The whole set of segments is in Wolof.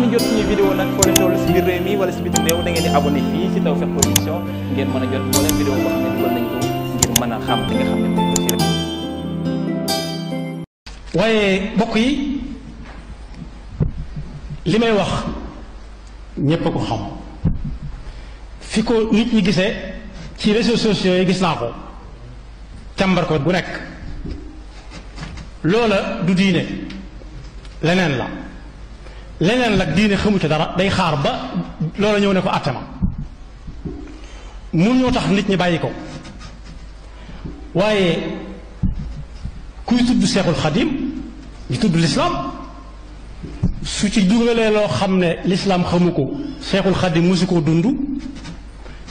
ngeen jot suñu vidéo nag a jot moo leen vidéo boo xam ne dugal nañ ko a xam waaye mbokk yi li may wax ñépp ko xam fi ko nit ñi gisee ci réseaux sociaux yi gis naa ko càmbar ko bu nekk loola du diine leneen la. leneen lag diine xamu ci dara day xaar ba loola ñëw ne ko attama mun ñoo tax nit ñi bàyyi ko waaye kuy tudd seexul xadim di tudd lislaam su ci dugalee loo xam ne lislaam xamu ko seexul xadim mosu koo dund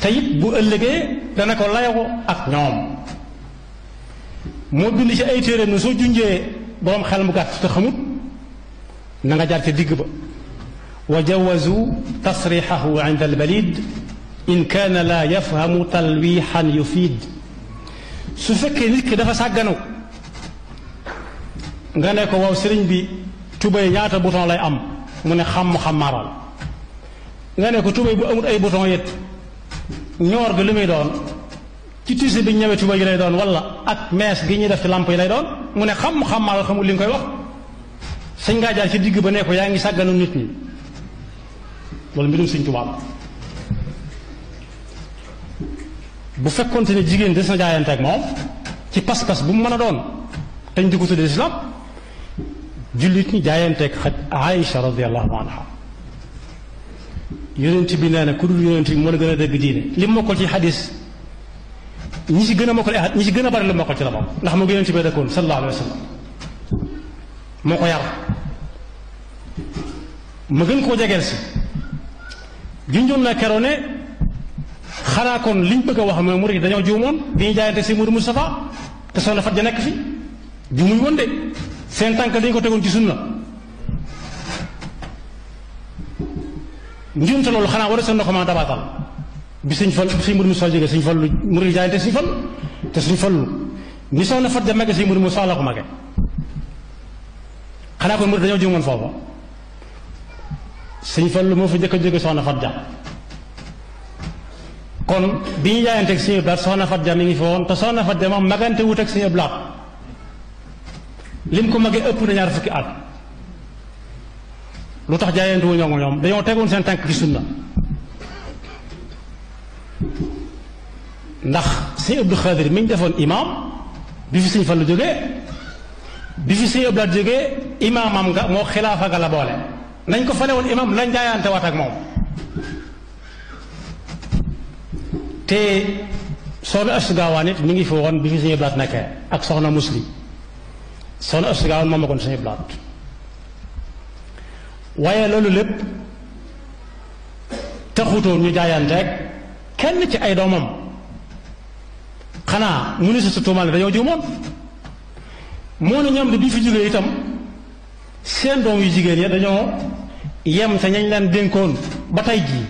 te it bu ëllëgee dana ko layoo ak ñoom moo dund ci ay téeréem ne soo junjee boroom xel mu gàtt te xamut nanga nga jaar ca digg ba wa jawazu tasrixahu inda albalid in kaana laa yafhamu talwiixan yufiid su fekkee nit ki dafa sàgganaw nga ne ko waaw sëriñ bi tubay ñaata bouton lay am mu ne xam-xam maaral nga ne ko tubay bu amul ay bouton yet ñoor gi lu muy doon ci tiise bi ñëwee tubay yi lay doon wala ak mees gi ñuy def ci làmp yi lay doon mu ne xam-xam maaral xamul li koy wax sëñ ngaa jaar ci digg ba ne ko yaa ngi sàgganu nit ñi loolu mbirum sëñ tubaab bu fekkonte ne jigéen des na jaayanteek ak ci pas-pas bu mu mën a doon dañ di ko tuddee islam jullit ñi jaayanteeg xaj Aïcha radiyallahu anha yonent bi nee na ku dul yonent bi mën a gën a dëgg diine li mokkal ci xadis ñi si gën a mokkal ñi si gën a bari li mokkal ci la moom ndax mu ngi yonent bi dëkkoon sallallahu alayhi moo ko yar ma gën koo jegeel si junjoon na keroog ne xanaa kon liñ bëgg a wax mooy murid dañoo juumoon bi ñu jaayante si Mourou Moustapha te soxna Fatou ja nekk fi juumuy woon de seen tànk dañu ko tegoon ci sunna njuumte loolu xanaa war a seen doxamaa dabaatal bi suñ fal suñ Mourou Moustapha jógee suñ fallu murid jaayante suñ fal te suñ fallu ni soxna Fatou ja màgge suñ Mourou Moustapha la ko màgge xanaa kon murid dañoo juumoon foofa. sëñ Fallu moo fa njëkk a jóge soxna Fat Dia kon bi ñu jaayanteeg sëñ Ablaat soxna Fat ja mi ngi fa woon te soxna Fat Dia moom magante wut ak sëñ Ablaat lim ko magee ëpp na ñaar fukki at lu tax jaayante wu ñoom ñoom dañoo tegoon seen tànk ci sunna ndax sëñ Abdou Khadir mi ñu defoon imaam bi fi sëñ Fallu jógee bi fi sëñ Ablaat jógee imaamam nga moo xilaafa nga la boole nañ ko fale imam lañ jaayante waat ak moom te soxna Astu Gaawaan it mi ngi fi woon bi fi Sëñ Blaat nekkee ak soxna muslim soxna Astu Gaawaan moom ma koon Sëñ Blaat waaye loolu lépp taxutoon ñu jaayante rek kenn ci ay doomam xanaa mu ni sa tuumaal ne dañoo juumoon moo ne ñoom de bi fi jógee itam seen doom yu jigéen ya dañoo yem sa ñañ leen dénkoon ba tey jii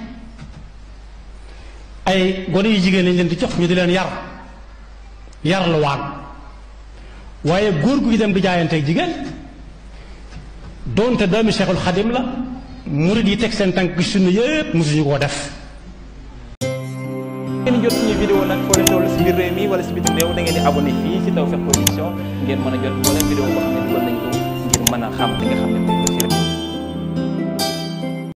ay gone yu jigéen lañ leen di jox ñu di leen yar yar la waan waaye góor gu dem di jaayante jigéen doonte doomi Seexul Xadim la murid yi teg seen tànk sunna yëpp mosuñu koo def. ngeen jot suñu vidéo nag si biir réew mi da ngeen di abonné ngeen mën a jot moo leen vidéo ko ngir mën a